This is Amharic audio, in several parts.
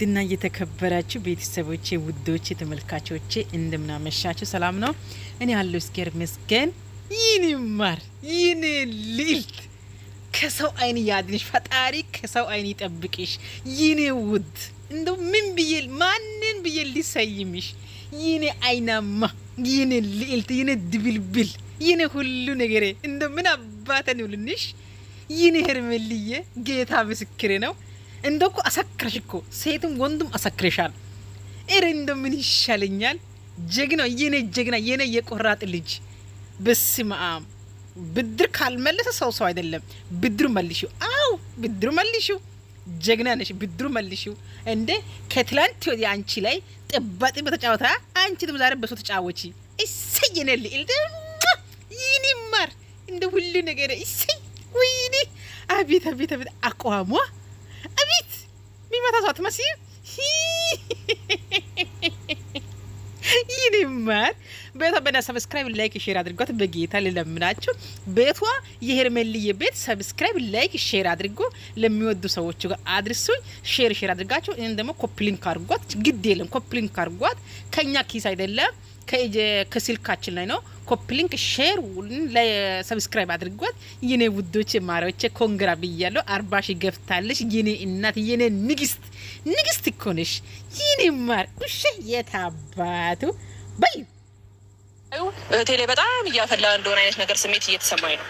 ድና እየተከበራችሁ ቤተሰቦቼ ውዶቼ ተመልካቾቼ እንደምናመሻችሁ ሰላም ነው። እኔ ያለው እስኪር መስገን ይኔ ማር ይኔ ሊልት ከሰው አይን ያድንሽ ፈጣሪ ከሰው አይን ይጠብቅሽ። ይኔ ውድ እንደው ምን ብዬ ማንን ብዬ ሊሰይምሽ? ይኔ አይናማ ይኔ ልዕልት ይኔ ድብልብል ይኔ ሁሉ ነገሬ እንደው ምን አባተን ይውልንሽ። ይኔ ሄርሜልዬ ጌታ ምስክሬ ነው። እንደው እኮ አሰክረሽ እኮ ሴትም ወንዱም አሰክረሻል። እረ እንደው ምን ይሻለኛል? ጀግና የኔ ጀግና የኔ የቆራጥ ልጅ በስመ አብ። ብድር ካልመለሰ ሰው ሰው አይደለም። ብድሩ መልሺው። አው ብድሩ መልሺው። ጀግና ነሽ። ብድሩ መልሺው። እንዴ ከትላንት ወዲያ አንቺ ላይ ጥባጥ በተጫወታ አንቺ ደም ዛሬ በሱ ተጫወቺ። እሰይ የኔ ልዕልት ይህን ይማር እንደ ሁሉ ነገር እሰይ። ወይኔ አቤት አቤት አቤት አቋሟ በታሷ ትመሲ ይንማር ቤቷ በና ሰብስክራይብ ላይክ ሼር አድርጓት። በጌታ ልለምናችሁ ቤቷ የሄርሜልዬ ቤት ሰብስክራይብ ላይክ ሼር አድርጎ ለሚወዱ ሰዎች አድርሱኝ። ሼር ሼር አድርጋችሁ እኔን ደግሞ ኮፕሊንክ አድርጓት። ግድ የለም ኮፕሊንክ አድርጓት። ከኛ ኪስ አይደለም ከስልካችን ላይ ነው። ኮፕሊንክ ሼር ሰብስክራይብ አድርጓት። የኔ ውዶች ማሪዎቼ ኮንግራ ብያለሁ። አርባ ሺ ገፍታለች የኔ እናት የኔ ንግስት ንግስት እኮ ነሽ ይህን ማር ውሻ የታባቱ በይ እህቴ ላይ በጣም እያፈላ እንደሆነ አይነት ነገር ስሜት እየተሰማኝ ነው።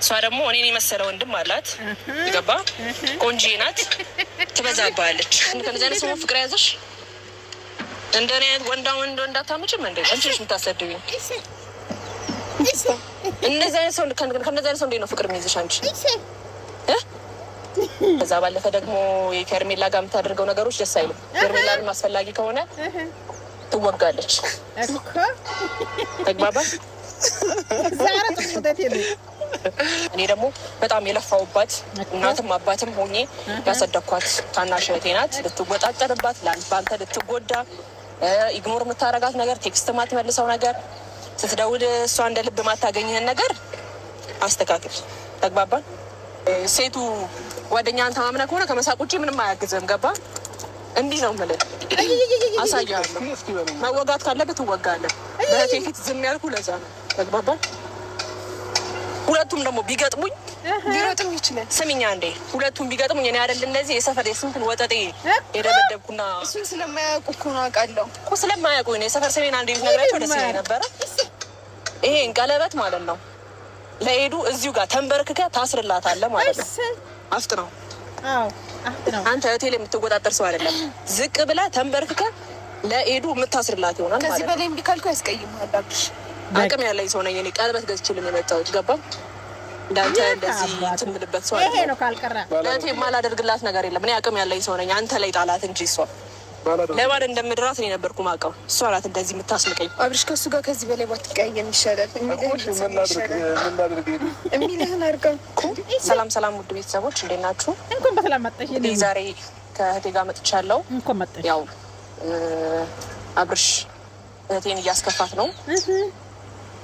እሷ ደግሞ እኔን የመሰለ ወንድም አላት። ገባ ቆንጆ ናት፣ ትበዛባለች። ከነዚ አይነት ፍቅር ያዘሽ እንደ እኔ አይነት ወንዳ ወንድ እንዳታምጭም እንደ አንችሽ የምታሰድብኝ እነዚ አይነት ሰው ከነዚ አይነት ሰው እንዴት ነው ፍቅር የሚይዝሽ አንቺ? ከዛ ባለፈ ደግሞ የከርሜላ ጋር የምታደርገው ነገሮች ደስ አይሉም። ከርሜላን አስፈላጊ ከሆነ ትወጋለች። ተግባባ። እኔ ደግሞ በጣም የለፋውባት እናትም አባትም ሆኜ ያሰደኳት ታናሽ እህቴ ናት። ልትወጣጠርባት፣ በአንተ ልትጎዳ፣ ኢግኖር የምታረጋት ነገር፣ ቴክስት ማትመልሰው ነገር፣ ስትደውል እሷ እንደ ልብ ማታገኝህን ነገር አስተካክል። ተግባባን። ሴቱ ጓደኛን ተማምነ ከሆነ ከመሳቅ ውጭ ምንም አያግዝም። ገባ? እንዲህ ነው ምልል አሳያለሁ። መወጋት ካለብህ ትወጋለህ። በእህቴ ፊት ዝም ያልኩ ለዛ ነው። ተግባባን? ሁለቱም ደግሞ ቢገጥሙኝ ሊረጥም ይችላል። ስሚኝ እንዴ ሁለቱም ቢገጥሙኝ እኔ አይደል እንደዚህ የሰፈር የስምትን ወጠጤ የደበደብኩና እሱን ስለማያውቁ እኮ ነው አውቃለሁ እኮ ስለማያውቁ ነው የሰፈር ስሜን አንዴ ነግራቸው ደስ ነበረ። ይሄን ቀለበት ማለት ነው ለሄዱ እዚሁ ጋር ተንበርክከ ታስርላታለ ማለት ነው። ነው አንተ ቴሌ የምትወጣጠር ሰው አይደለም። ዝቅ ብለህ ተንበርክከ ለኤዱ የምታስርላት ይሆናል። ከዚህ በላይ እምቢ ካልኩ ያስቀይማል። አቅም ያለኝ ሰው ነኝ እኔ ቀለበት ገዝቼልም የመጣሁት ገባም እንዳንተ እንደዚህ ትምልበት ሰው ለእቴ የማላደርግላት ነገር የለም። እኔ አቅም ያለኝ ሰው ነኝ። አንተ ላይ ጣላት እንጂ እሷ ለባል እንደምድራት እኔ ነበርኩ ማውቀው። እሷ ናት እንደዚህ የምታስልቀኝ። አብርሽ ከሱ ጋር ከዚህ በላይ ባትቀያየም ይሻላል። የሚልህን አድርገው። ሰላም ሰላም፣ ውድ ቤተሰቦች እንዴት ናችሁ? እንኳን በሰላም መጣሽ። ዛሬ ከእህቴ ጋር መጥቻለሁ። እንኳን መጣሽ። ያው አብርሽ እህቴን እያስከፋት ነው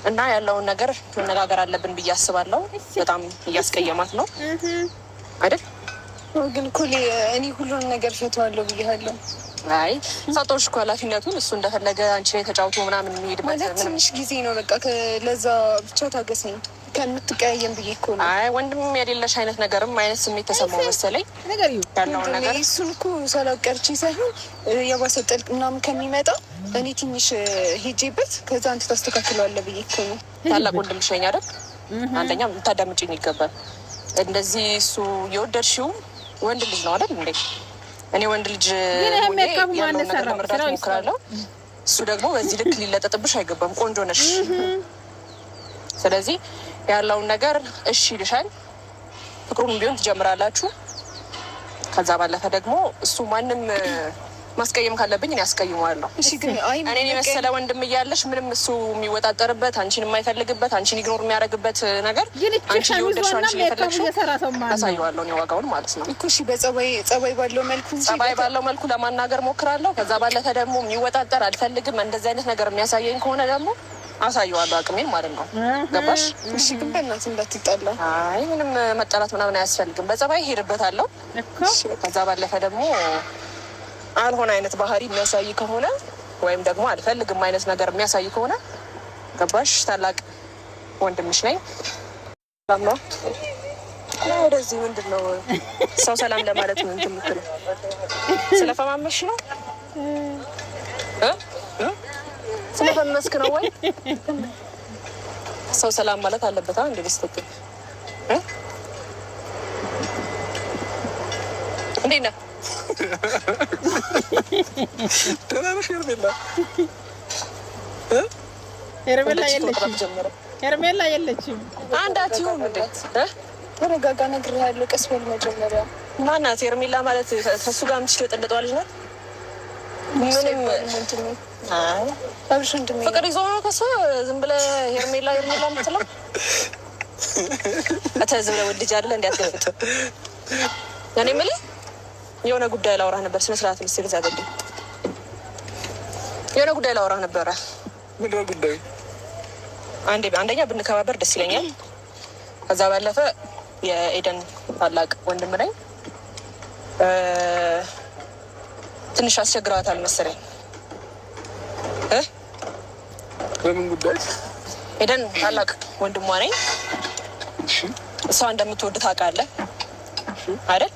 እና ያለውን ነገር መነጋገር አለብን ብዬ አስባለሁ። በጣም እያስቀየማት ነው አይደል? ግን እኮ እኔ ሁሉን ነገር ፈተዋለሁ ብያለሁ አይ ሳጦሽ እኮ ኃላፊነቱን እሱ እንደፈለገ አንቺ ላይ ተጫውቶ ምናምን ማለት ትንሽ ጊዜ ነው። በቃ ለዛ ብቻ ታገሰኝ ከምትቀያየም ብዬ እኮ ነው። አይ ወንድም የሌለሽ አይነት ነገርም አይነት ስሜት ተሰማው መሰለኝ ነገር ያለውን ነገር እሱን እኮ ሳላቀርቼ ሳይሆን የባሰ ጥልቅ ምናምን ከሚመጣ እኔ ትንሽ ሄጄበት ከዛ አንተ ታስተካክለዋለህ ብዬ እኮ ነው። ታላቅ ወንድምሽ ነኝ አይደል? አንደኛ የምታዳምጪኝ ይገባል። እንደዚህ እሱ የወደድሽው ወንድ ልጅ ነው አይደል እንዴ? እኔ ወንድ ልጅ ያለውን ሞክራለሁ። እሱ ደግሞ በዚህ ልክ ሊለጠጥብሽ አይገባም። ቆንጆ ነሽ። ስለዚህ ያለውን ነገር እሺ ይልሻል። ፍቅሩን ቢሆን ትጀምራላችሁ። ከዛ ባለፈ ደግሞ እሱ ማንም ማስቀየም ካለብኝ እኔ አስቀይመዋለሁ። እኔን የመሰለ ወንድም እያለሽ ምንም እሱ የሚወጣጠርበት አንቺን የማይፈልግበት አንቺን ግኖር የሚያደርግበት ነገር አንቺ እየወደድሽ አንቺ እየፈለግሽ አሳየዋለሁ ዋጋውን ማለት ነው እሺ። በጸባይ ባለው መልኩ ጸባይ ባለው መልኩ ለማናገር ሞክራለሁ። ከዛ ባለፈ ደግሞ የሚወጣጠር አልፈልግም። እንደዚህ አይነት ነገር የሚያሳየኝ ከሆነ ደግሞ አሳየዋለሁ አቅሜን ማለት ነው። ገባሽ? እሺ ግን አይ ምንም መጠላት ምናምን አያስፈልግም። በጸባይ ሄድበታለሁ። ከዛ ባለፈ ደግሞ አልሆን አይነት ባህሪ የሚያሳይ ከሆነ ወይም ደግሞ አልፈልግም አይነት ነገር የሚያሳይ ከሆነ ገባሽ? ታላቅ ወንድምሽ ነኝ። ወደዚህ ምንድን ነው ሰው ሰላም ለማለት ምን ትምክል? ስለፈማመሽ ነው ስለፈመስክ ነው ወይ ሰው ሰላም ማለት አለበት። እንደ በስተት እንዴት ነህ? ደህና ነሽ ሄርሜላ? ሄርሜላ የለችም። ሄርሜላ የለችም። አንዳችሁም እንዴ ተረጋጋ። ነግሬሃለሁ። ቀስ በል መጀመሪያ። ማናት ሄርሜላ ማለት? ከሱ ጋር የምትችለው ናት። ምንም ፍቅር ይዞ ነው ከሱ ዝም ብለህ ሄርሜላ ሄርሜላ የምትለው እተ ዝም ብለህ ወልጃ አይደለ? እኔ የምልህ የሆነ ጉዳይ ላውራ ነበር። ስነ ስርዓት ልስ ግዛ የሆነ ጉዳይ ላውራ ነበረ። ምንድን አንደኛ ብንከባበር ደስ ይለኛል። ከዛ ባለፈ የኤደን ታላቅ ወንድም ነኝ። ትንሽ አስቸግረዋታል መሰለኝ። በምን ጉዳይ? ኤደን ታላቅ ወንድሟ ነኝ። እሷ እንደምትወድ ታውቃለህ አይደል?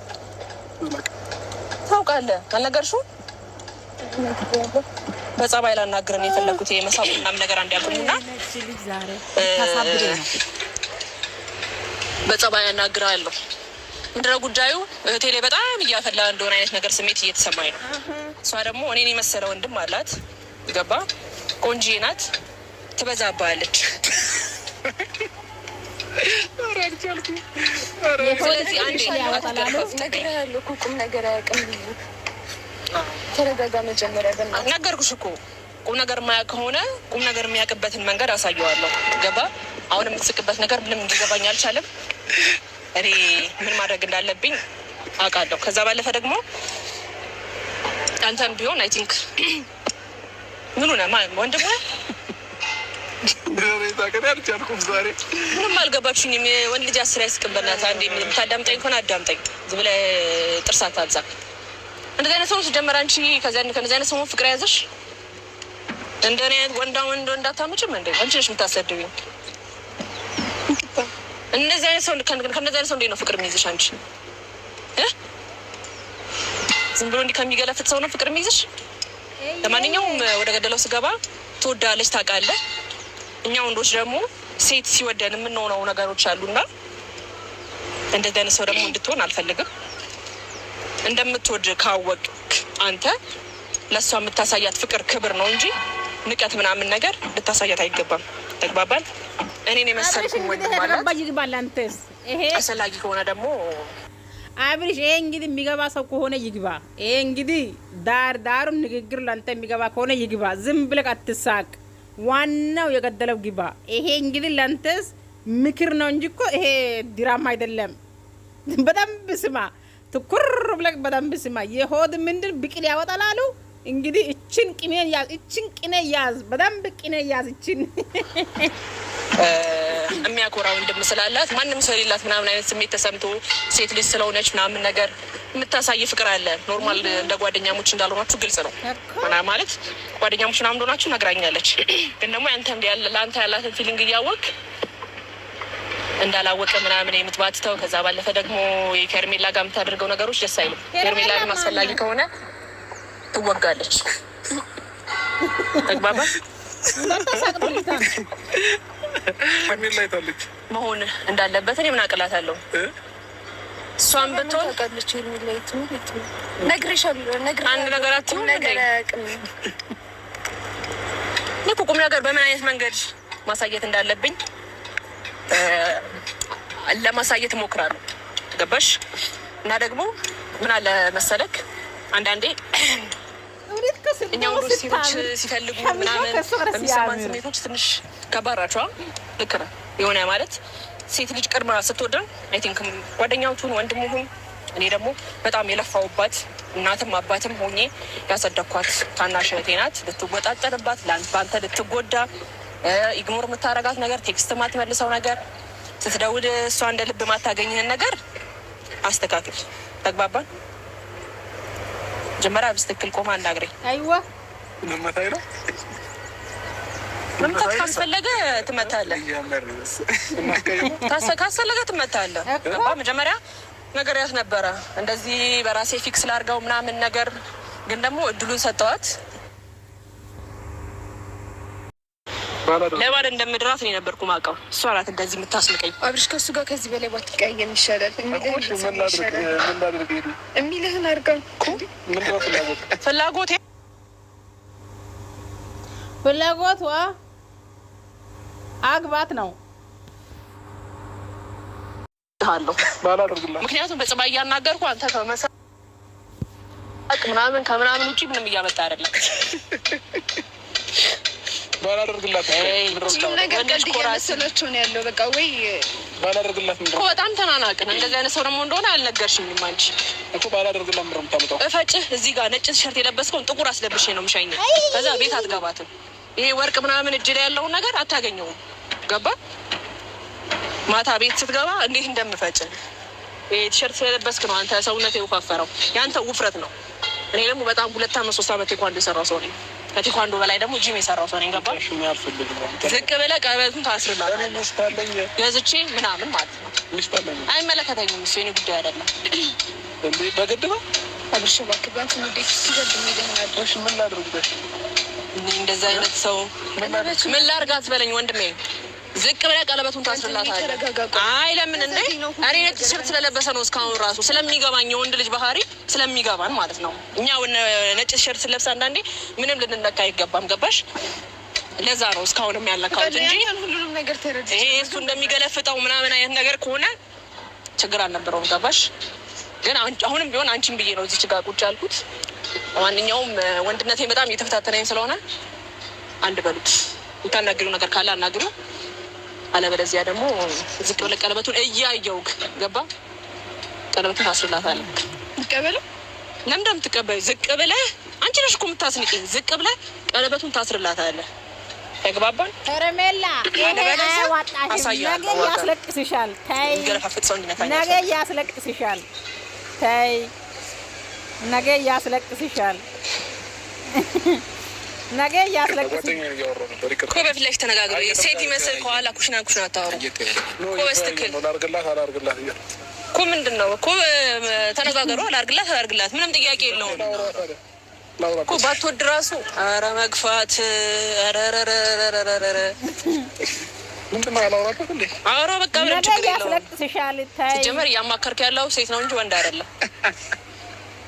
ታውቃለህ? አልነገርሽውም? በጸባይ ላናግረን የፈለጉት የመሳብ ምናምን ነገር እንዲያቆሙና በጸባይ አናግራለሁ። ምንድነው ጉዳዩ? እህቴ ላይ በጣም እያፈላ እንደሆነ አይነት ነገር ስሜት እየተሰማኝ ነው። እሷ ደግሞ እኔን የመሰለ ወንድም አላት። ገባ? ቆንጆዬ ናት፣ ትበዛባለች ቁም ነገር አያውቅም። ተረጋጋ መጀመሪያ። ነገርኩሽ እኮ ቁም ነገር ማያውቅ ከሆነ ቁም ነገር የሚያውቅበትን መንገድ አሳየዋለሁ። ገባ? አሁን የምትስቅበት ነገር ምንም እንዲገባኝ አልቻለም። እኔ ምን ማድረግ እንዳለብኝ አውቃለሁ። ከዛ ባለፈ ደግሞ አንተም ቢሆን አይ ቲንክ ምኑ ነ ወንድም ምንም አልገባችሁኝም። ወንድ ልጅ አስር ያስቅም። በእናትህ አንዴ የምታዳምጠኝ ከሆነ አዳምጠኝ። ዝም ብለህ ጥርስ አታብዛ። እንደዚህ አይነት ሰው ሲጀመር አንቺ ከነዚህ አይነት ሰሞን ፍቅር ያዘሽ እንደ እኔ አይነት ወንዳ ወንድ እንዳታመጭም እንደ አንቺ ነሽ የምታሰድብኝ። እንደዚህ አይነት ሰው ከእንደዚህ አይነት ሰው እንዴት ነው ፍቅር የሚይዝሽ አንቺ? ዝም ብሎ እንዲህ ከሚገለፍት ሰው ነው ፍቅር የሚይዝሽ? ለማንኛውም ወደ ገደለው ስገባ ትወዳለች ታውቃለህ እኛ ወንዶች ደግሞ ሴት ሲወደን የምንሆነው ነገሮች አሉና እንደዚህ አይነት ሰው ደግሞ እንድትሆን አልፈልግም። እንደምትወድ ካወቅክ አንተ ለእሷ የምታሳያት ፍቅር ክብር ነው እንጂ ንቀት ምናምን ነገር ልታሳያት አይገባም። ተግባባል። እኔን የመሰልኩኝ አስፈላጊ ከሆነ ደግሞ አብሪሽ ይሄ እንግዲህ የሚገባ ሰው ከሆነ ይግባ። ይሄ እንግዲህ ዳር ዳሩ ንግግር ላንተ የሚገባ ከሆነ ይግባ። ዝም ብለህ አትሳቅ። ዋናው የገደለው ግባ። ይሄ እንግዲህ ለንተስ ምክር ነው እንጂ እኮ ይሄ ድራማ አይደለም። በደንብ ስማ፣ ትኩር ብለህ በደንብ ስማ። የሆድ ምንድን ብቅል ያወጣላሉ። እንግዲህ እችን ቅኔ ያዝ፣ እችን ቅኔ ያዝ፣ በደንብ ቅኔ ያዝ እችን የሚያኮራ ወንድም ስላላት ማንም ሰው የሌላት ምናምን አይነት ስሜት ተሰምቶ ሴት ልጅ ስለሆነች ምናምን ነገር የምታሳይ ፍቅር አለ። ኖርማል እንደ ጓደኛሞች እንዳልሆናችሁ ግልጽ ነው ምና ማለት ጓደኛሞች ምናምን እንደሆናችሁ ነግራኛለች። ግን ደግሞ ለአንተ ያላትን ፊሊንግ እያወቅ እንዳላወቀ ምናምን የምትባትተው ከዛ ባለፈ ደግሞ ከርሜላ ጋር የምታደርገው ነገሮች ደስ አይሉ። ከርሜላ ግን አስፈላጊ ከሆነ ትወጋለች። ተግባባ ምን ላይ መሆን እንዳለበት እኔ ምን አቅላታለሁ? እሷን ብትሆን አንድ ቁም ነገር በምን አይነት መንገድ ማሳየት እንዳለብኝ ለማሳየት እሞክራለሁ። ገባሽ? እና ደግሞ ምን አለ መሰለክ አንዳንዴ እኛ ወንዶች ሴቶች ሲፈልጉ ምናምን የሚሰማን ስሜቶች ትንሽ ከባራቸዋል። ልክ ነህ። የሆነ ማለት ሴት ልጅ ቅድማ ስትወደን አይ ቲንክ ጓደኛቱን ወንድም ሁን እኔ ደግሞ በጣም የለፋውባት እናትም አባትም ሆኜ ያሰደኳት ታናሽ እህቴ ናት። ልትወጣጠርባት በአንተ ልትጎዳ ኢግኖር የምታረጋት ነገር ቴክስት ማትመልሰው ነገር ስትደውል እሷ እንደ ልብ ማታገኝህን ነገር አስተካክል። ተግባባን። መጀመሪያ በስትክክል ቆማ አናግረኝ። አይዋ ልመታይ ነው መምታት ካስፈለገ ትመታለህ፣ ካስፈለገ ትመታለህ። መጀመሪያ ነገርያት ነበረ እንደዚህ በራሴ ፊክስ ላድርገው ምናምን ነገር ግን ደግሞ እድሉን ሰጠዋት። ለባል እንደምድራት እኔ ነበርኩ ማውቀው። እሷ ናት እንደዚህ የምታስልቀኝ። አብርሽ ከእሱ ጋር ከዚህ በላይ ባትቀያየም ይሻላል። የሚልህን ፍላጎት ፍላጎት ዋ አግባት ነው። ምክንያቱም በጽባ እያናገርኩ አንተ ከመሳ ምናምን ከምናምን ውጭ ምንም እያመጣ አይደለም። ባላደርግላት ያለው በቃ ወይ በጣም ተናናቅን። እንደዚህ አይነት ሰው ደግሞ እንደሆነ አልነገርሽኝም አንቺ እኮ ባላደርግላት ምድር የምታመጣው እፈጭህ። እዚህ ጋር ነጭ ቲሸርት የለበስከውን ጥቁር አስለብሼ ነው የምሻኝ። ከዛ ቤት አትገባትም። ይሄ ወርቅ ምናምን እጅ ላይ ያለውን ነገር አታገኘውም። ገባ ማታ ቤት ስትገባ እንዴት እንደምፈጭ ይሄ ቲሸርት ስለለበስክ ነው አንተ ሰውነት የወፋፈረው። የአንተ ውፍረት ነው። እኔ ደግሞ በጣም ሁለት አመት ሶስት አመት እንኳን እንደሰራ ሰው ነኝ። ከቴኳንዶ በላይ ደግሞ ጂም የሰራው ሰው ነው። ገባሽ? ዝቅ ብለህ ቀበቱን ታስርላለህ ገዝቼ ምናምን ማለት ነው። አይመለከተኝም። እሱ የእኔ ጉዳይ አይደለም። በግድ ነው እንደዚህ አይነት ሰው ምን ላድርግ አትበለኝ ወንድሜ ዝቅ ብለህ ቀለበቱን ታስርላታለህ። አይ ለምን እንዴ? እኔ ነጭ ቲሸርት ስለለበሰ ነው እስካሁን ራሱ ስለሚገባኝ፣ የወንድ ልጅ ባህሪ ስለሚገባን ማለት ነው። እኛ ነጭ ቲሸርት ስለብሰ አንዳንዴ ምንም ልንነካ አይገባም። ገባሽ? ለዛ ነው እስካሁንም ያለካሁት እንጂ ይሄ እሱ እንደሚገለፍጠው ምናምን አይነት ነገር ከሆነ ችግር አልነበረውም። ገባሽ? ግን አሁንም ቢሆን አንቺን ብዬ ነው እዚህ ጋር ቁጭ ያልኩት። ማንኛውም ወንድነቴ በጣም እየተፈታተነኝ ስለሆነ አንድ በሉት። የምታናግሪው ነገር ካለ አናግሩ። አለበለዚያ ደግሞ ዝቅ ብለህ ቀለበቱን እያየውክ ገባ ቀለበቱን ታስርላታለህ። ትቀበለው ለምን እንደምትቀበይው ዝቅ ብለህ አንቺ ነሽ እኮ የምታስንቂኝ። ዝቅ ብለህ ቀለበቱን ታስርላታለህ። ተግባባን? ሄርሜላ ነገ ያስለቅስሻል። ተይ ነገ ያስለቅስሻል። ተይ ነገ ያስለቅስሻል። ነገ እያስለቅስ ተነጋግሩ። ሴት ይመስል ከኋላ ኩሽና ኩሽና አታወሩ ኮበስ እኮ ምንድን ነው እኮ ተነጋገሩ። አላርግላት አላርግላት ምንም ጥያቄ የለውም እኮ ባትወድ ራሱ ኧረ መግፋት አውራ በቃ ምንም ችግር የለውም። ሲጀመር እያማከርክ ያለው ሴት ነው እንጂ ወንድ አይደለም።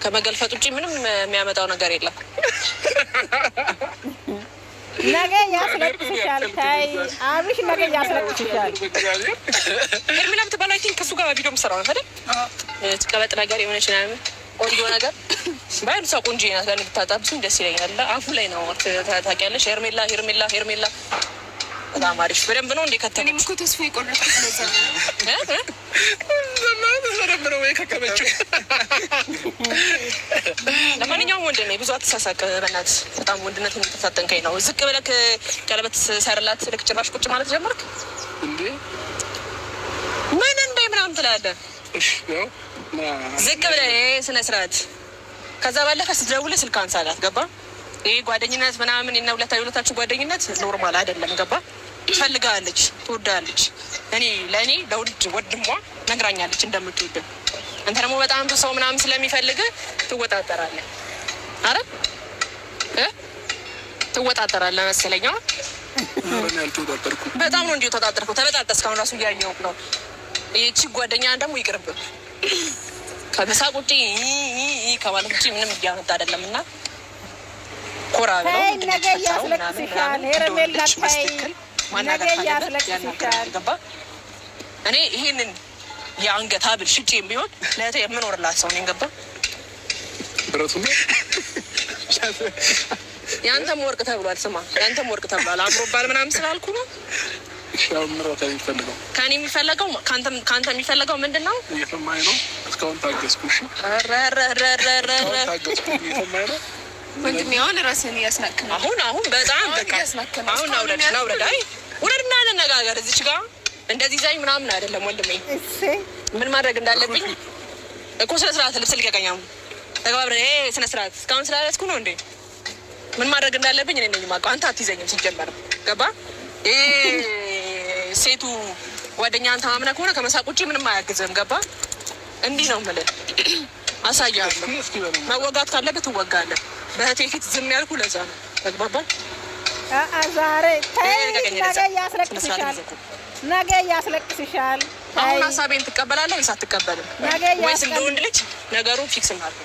ከመገልፈጥ ውጭ ምንም የሚያመጣው ነገር የለም። ነገ ያስለቅስሻል። ታይ አብሽ ነገ ያስለቅስሻል። ሄርሜላ ብትባል አይቲንክ ከሱ ጋር ቪዲዮ ስራ ነው አይደል? ቀበጥ ነገር የሆነች ምናምን ቆንጆ ነገር ባይሆን ሰው ቆንጆ ናት ጋር ብታጣብስም ደስ ይለኛል። አፉ ላይ ነው ታውቂያለሽ። ሄርሜላ ሄርሜላ ሄርሜላ በጣም አሪፍ በደንብ ነው እንዴ ከተኔ ምኮ ተስፋ የቆረጥኩት ነው ነበር ወይ ከከበችው። ለማንኛውም ወንድ ነኝ ብዙ አትሳሳቅ፣ በናት። በጣም ወንድነት የምታሳጠንከኝ ነው። ዝቅ ብለህ ቀለበት ሰርላት ልክ ጭራሽ ቁጭ ማለት ጀመርክ እንዴ? ምን እንደ ምናምን ትላለህ። ዝቅ ብለ ስነ ስርዓት። ከዛ ባለፈ ስትደውልህ ስልክ አንሳላት። ገባ? ይህ ጓደኝነት ምናምን እና ሁለታችሁ ጓደኝነት ኖርማል አይደለም። ገባ? ትፈልጋለች፣ ትወዳለች። እኔ ለእኔ ለውድ ወድሟ ነግራኛለች እንደምትወድ። አንተ ደግሞ በጣም ሰው ምናምን ስለሚፈልግ ትወጣጠራለህ። አረ ትወጣጠራለህ መሰለኝ። በጣም ነው እንዲ ተጣጠርኩ ተበጣጠ እስካሁን ራሱ እያየው ነው። ይቺ ጓደኛ ደግሞ ይቅርብ ከመሳቅ ቁጭ ከማለት ውጭ ምንም እያመጣ አይደለም እና ኮራ ብለው ነገ ያስለቅስሻል ሄረሜላ ታይ ማናገር እኔ ይህንን የአንገት ሀብል ሽጭ ቢሆን ለእህቴ የምኖርላት ሰው ነኝ። ገባ። የአንተም ወርቅ ተብሏል። ስማ፣ የአንተም ወርቅ ተብሏል። አምሮባል ምናምን ስላልኩ ነው። ከኔ የሚፈለገው ከአንተ የሚፈለገው ምንድን ነው? ወንድሜ አሁን ራስህን እያስናክን አሁን አሁን በጣም በቃ አሁን አውረድ አውረድ። አይ እንነጋገር። እዚች ጋ እንደዚህ ዛኝ ምናምን አይደለም ወንድሜ። ምን ማድረግ እንዳለብኝ እኮ ስነ ስርዓት ልብስ ልቀቀኛ ተግባብረ ስነ ስርዓት እስካሁን ስላለስኩ ነው እንዴ? ምን ማድረግ እንዳለብኝ እኔ ነኝ የማውቀው። አንተ አትይዘኝም ሲጀመር ገባ። ሴቱ ጓደኛ አንተ ማምነ ከሆነ ከመሳቅ ውጭ ምንም አያግዝም። ገባ። እንዲህ ነው የምልህ። አሳያለሁ። መወጋት ካለበት ትወጋለህ። በእህቴ ፊት ዝም ያልኩ ለዛ ነው። ተግባባል ዛሬ ነገ እያስለቅስሻል። አሁን ሀሳቤን ትቀበላለህ ወይስ አትቀበልም? ወይስ እንደ ወንድ ልጅ ነገሩ ፊክስ እናድርግ።